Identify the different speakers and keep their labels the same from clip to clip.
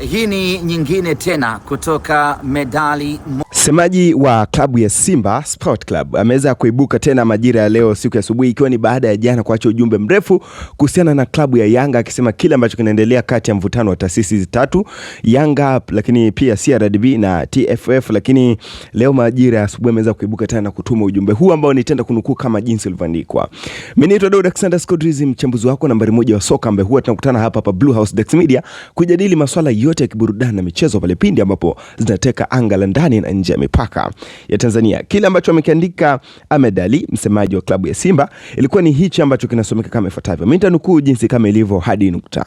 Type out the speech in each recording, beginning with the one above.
Speaker 1: Hii ni nyingine tena kutoka medali
Speaker 2: Msemaji wa klabu ya Simba Sport Club ameweza kuibuka tena majira ya leo siku ya asubuhi, ikiwa ni baada ya jana kuacha ujumbe mrefu kuhusiana na klabu ya Yanga, akisema kile ambacho kinaendelea kati ya mvutano wa taasisi hizi tatu Yanga, lakini pia CRDB na TFF. Lakini leo majira ya asubuhi ameweza kuibuka tena na kutuma ujumbe huu ambao nitenda kunukuu kama jinsi ulivyoandikwa. Mimi naitwa Daud Alexander Skodrizi, mchambuzi wako nambari moja wa soka ambaye huwa tunakutana hapa hapa Blue House Dex Media kujadili masuala yote ya kiburudani na michezo pale pindi ambapo zinateka anga la ndani na nje nje ya mipaka ya Tanzania. Kile ambacho amekiandika Ahmed Ally, msemaji wa klabu ya Simba, ilikuwa ni hichi ambacho kinasomeka kama ifuatavyo. Mimi nitanukuu jinsi kama ilivyo hadi nukta.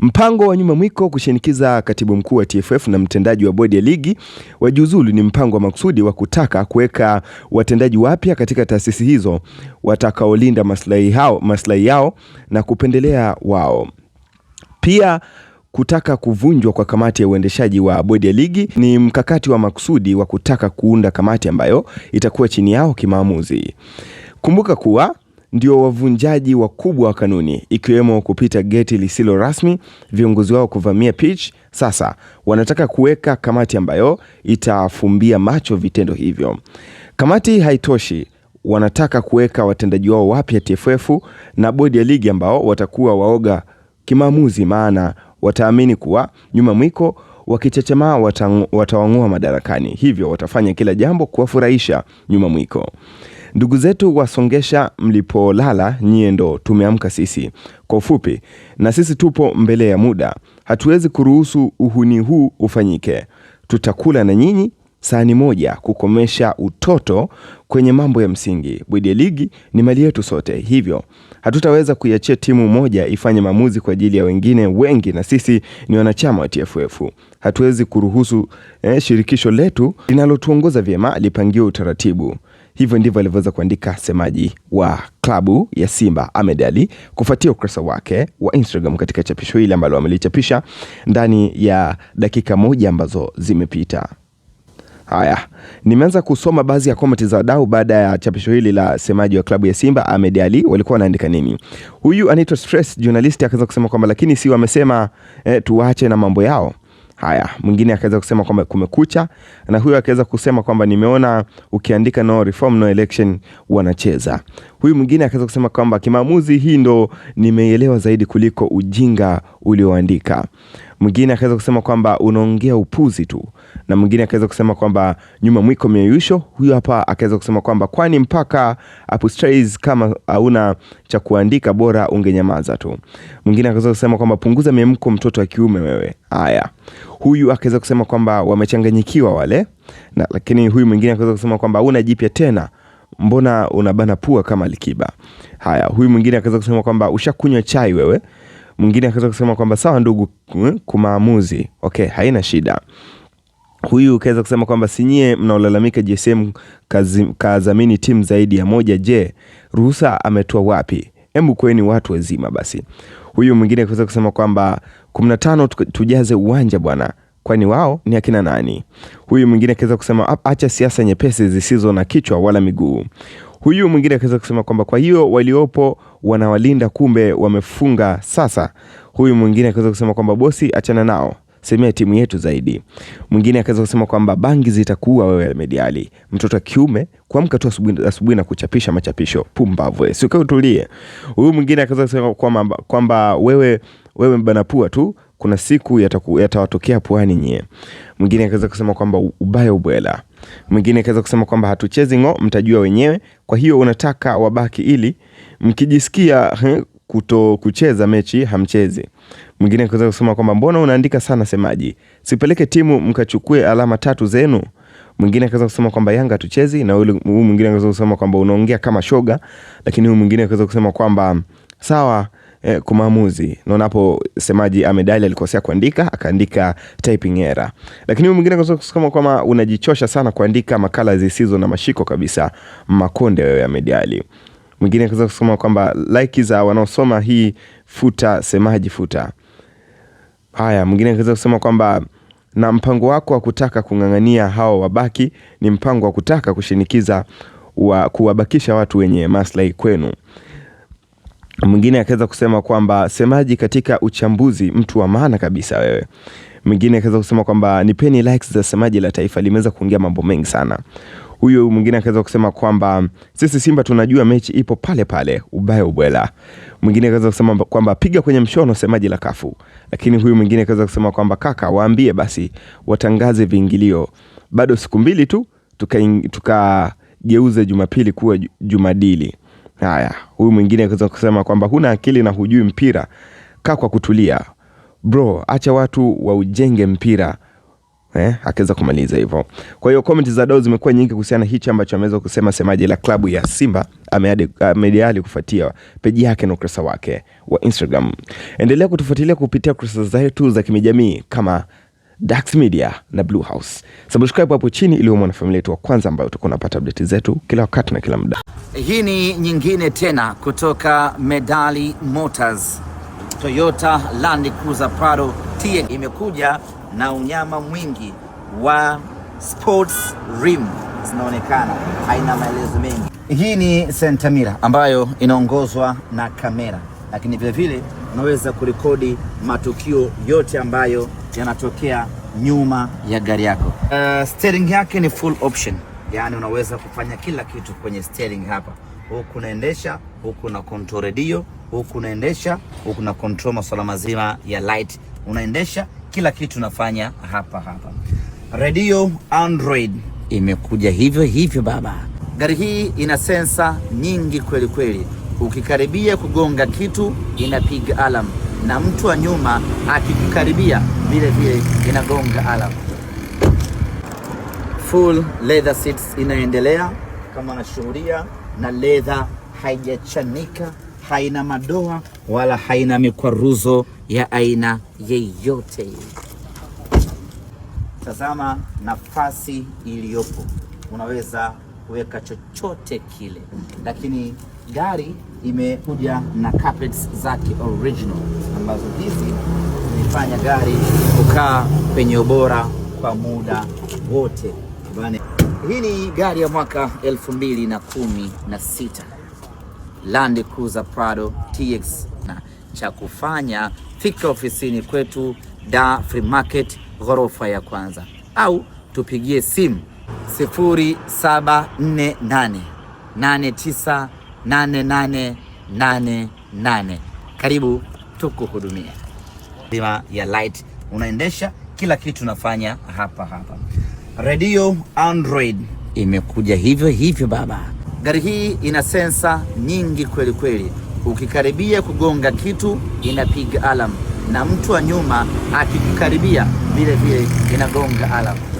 Speaker 2: Mpango wa nyuma mwiko kushinikiza katibu mkuu wa TFF na mtendaji wa bodi ya ligi wajiuzulu ni mpango wa makusudi wa kutaka kuweka watendaji wapya katika taasisi hizo watakaolinda maslahi hao, maslahi yao na kupendelea wao pia kutaka kuvunjwa kwa kamati ya uendeshaji wa bodi ya ligi ni mkakati wa makusudi wa kutaka kuunda kamati ambayo itakuwa chini yao kimaamuzi. Kumbuka kuwa ndio wavunjaji wakubwa wa kanuni, ikiwemo kupita geti lisilo rasmi, viongozi wao kuvamia pitch. Sasa wanataka kuweka kamati ambayo itafumbia macho vitendo hivyo. Kamati haitoshi, wanataka kuweka watendaji wao wapya TFF na bodi ya ligi ambao watakuwa waoga kimaamuzi, maana wataamini kuwa nyuma mwiko wakichechemaa watawang'oa madarakani, hivyo watafanya kila jambo kuwafurahisha nyuma mwiko. Ndugu zetu wasongesha, mlipolala nyie ndo tumeamka sisi. Kwa ufupi, na sisi tupo mbele ya muda, hatuwezi kuruhusu uhuni huu ufanyike. Tutakula na nyinyi sahani moja, kukomesha utoto kwenye mambo ya msingi. Bodi ya ligi ni mali yetu sote, hivyo Hatutaweza kuiachia timu moja ifanye maamuzi kwa ajili ya wengine wengi, na sisi ni wanachama wa TFF. Hatuwezi kuruhusu eh, shirikisho letu linalotuongoza vyema lipangiwe utaratibu. Hivyo ndivyo alivyoweza kuandika semaji wa klabu ya Simba Ahmed Ali kufuatia ukurasa wake wa Instagram katika chapisho hili ambalo amelichapisha ndani ya dakika moja ambazo zimepita. Haya, nimeanza kusoma baadhi ya komenti za wadau baada ya chapisho hili la semaji wa klabu ya Simba Ahmed Ali, Walikuwa wanaandika nini? Huyu anaitwa Stress journalist akaanza kusema kwamba lakini si wamesema eh, tuwache na mambo yao. Haya, mwingine akaweza kusema kwamba kumekucha, na huyu akaweza kusema kwamba nimeona ukiandika no reform no election wanacheza. Huyu mwingine akaweza kusema kwamba kimaamuzi, hii ndo nimeielewa zaidi kuliko ujinga ulioandika mwingine akaweza kusema kwamba unaongea upuzi tu, na mwingine akaweza kusema kwamba nyuma mwiko mieyusho. Huyu hapa akaweza kusema kwamba kwani mpaka apostrays kama hauna cha kuandika bora ungenyamaza tu. Mwingine akaweza kusema kwamba punguza miemko, mtoto wa kiume wewe. Haya, huyu akaweza kusema kwamba wamechanganyikiwa wale na, lakini huyu mwingine akaweza kusema kwamba una jipya tena mbona unabana pua kama Likiba. Haya, huyu mwingine akaweza kusema kwamba ushakunywa chai wewe. Mwingine akaweza kusema kwamba sawa ndugu, eh, kumaamuzi okay, haina shida. Huyu ukaweza kusema kwamba sinyie mnaolalamika JSM kadhamini timu zaidi ya moja. Je, ruhusa ametoa wapi? Hebu kweni watu wazima basi. Huyu mwingine akaweza kusema kwamba kumi na tano tujaze uwanja bwana kwani wao ni akina nani? Huyu mwingine akiweza kusema acha siasa nyepesi zisizo na kichwa wala miguu. Huyu mwingine akaweza kusema kwamba kwa hiyo waliopo wanawalinda, kumbe wamefunga sasa. Huyu mwingine akaweza kusema kwamba bosi, achana nao semea timu yetu zaidi. Mwingine akaweza kusema kwamba bangi zitakuwa wewe mediali mtoto wa kiume kuamka tu asubuhi na kuchapisha machapisho pumbavwe eh, sikae utulie. Huyu mwingine akaweza kusema kwamba, kwamba wewe wewe mbanapua tu kuna siku yatawatokea yata pwani nyie. Mwingine akaweza kusema kwamba ubaya ubwela, mwingine akaweza kusema kwamba hatuchezi ng'o, mtajua wenyewe. Kwa hiyo unataka wabaki ili mkijisikia kuto kucheza mechi hamchezi. Mwingine akaweza kusema kwamba mbona unaandika sana semaji, sipeleke timu mkachukue alama tatu zenu. Mwingine akaweza kusema kwamba Yanga hatuchezi, na huyu mwingine akaweza kusema kwamba unaongea kama shoga, lakini huyu mwingine akaweza kusema kwamba sawa eh, kwa maamuzi. Naona hapo semaji amedali alikosea kuandika, akaandika typing error. Lakini mwingine kama kwamba unajichosha sana kuandika makala zisizo na mashiko kabisa, makonde wewe amedali. Mwingine akaweza kusema kwamba like za wanaosoma hii futa semaji futa. Haya, mwingine akaweza kusema kwamba na mpango wako wa kutaka kung'ang'ania hao wabaki ni mpango wa kutaka kushinikiza wa kuwabakisha watu wenye maslahi kwenu. Mwingine akaweza kusema kwamba semaji katika uchambuzi, mtu wa maana kabisa wewe. Mwingine akaweza kusema kwamba nipeni likes za semaji la taifa, limeweza kuongea mambo mengi sana. Huyo mwingine akaweza kusema kwamba sisi Simba tunajua mechi ipo pale pale, ubaya ubwela. Mwingine akaweza kusema kwamba piga kwenye mshono semaji la kafu. Lakini huyu mwingine akaweza kusema kwamba kaka, waambie basi watangaze viingilio, bado siku mbili tu tukageuze tuka Jumapili kuwa Jumadili. Haya, huyu mwingine akaweza kusema kwamba huna akili na hujui mpira, kaa kwa kutulia bro, acha watu waujenge mpira eh, akaweza kumaliza hivyo. Kwa hiyo comment za dau zimekuwa nyingi kuhusiana hichi ambacho ameweza kusema semaji la klabu ya Simba amediali kufuatia peji yake na ukurasa wake wa Instagram. Endelea kutufuatilia kupitia kurasa zetu za kimijamii kama Dax Media na Blue House. Subscribe hapo chini ili uone familia yetu wa kwanza ambayo utakuwa unapata update zetu kila wakati na kila muda.
Speaker 1: Hii ni nyingine tena kutoka Medali Motors. Toyota Land Cruiser Prado TN imekuja na unyama mwingi wa sports rim zinaonekana, haina maelezo mengi. Hii ni Mira ambayo inaongozwa na kamera, lakini vilevile unaweza kurekodi matukio yote ambayo yanatokea nyuma ya gari yako. Uh, steering yake ni full option, yaani unaweza kufanya kila kitu kwenye steering hapa. Huku unaendesha, huku na control radio, huku unaendesha, huku na control masuala mazima ya light, unaendesha kila kitu unafanya hapa hapa. Radio Android imekuja hivyo hivyo baba. Gari hii ina sensa nyingi kweli kweli, ukikaribia kugonga kitu inapiga alarm na mtu wa nyuma akikukaribia vile vile inagonga alam Full leather seats inaendelea kama nashuhudia, na leather haijachanika, haina madoa wala haina mikwaruzo ya aina yeyote. Tazama nafasi iliyopo, unaweza kuweka chochote kile, lakini gari imekuja na carpets zake original ambazo hizi zimefanya gari kukaa penye ubora kwa muda wote. Hii ni gari ya mwaka 2016 Land Cruiser Prado TX, na cha kufanya fika ofisini kwetu Da Free Market ghorofa ya kwanza, au tupigie simu 0748 89 nane. Karibu tukuhudumia bima ya Light, unaendesha kila kitu unafanya hapa hapa. Radio Android imekuja hivyo hivyo baba. Gari hii ina sensa nyingi kweli kweli, ukikaribia kugonga kitu inapiga alam, na mtu wa nyuma akikukaribia vile vile inagonga alam.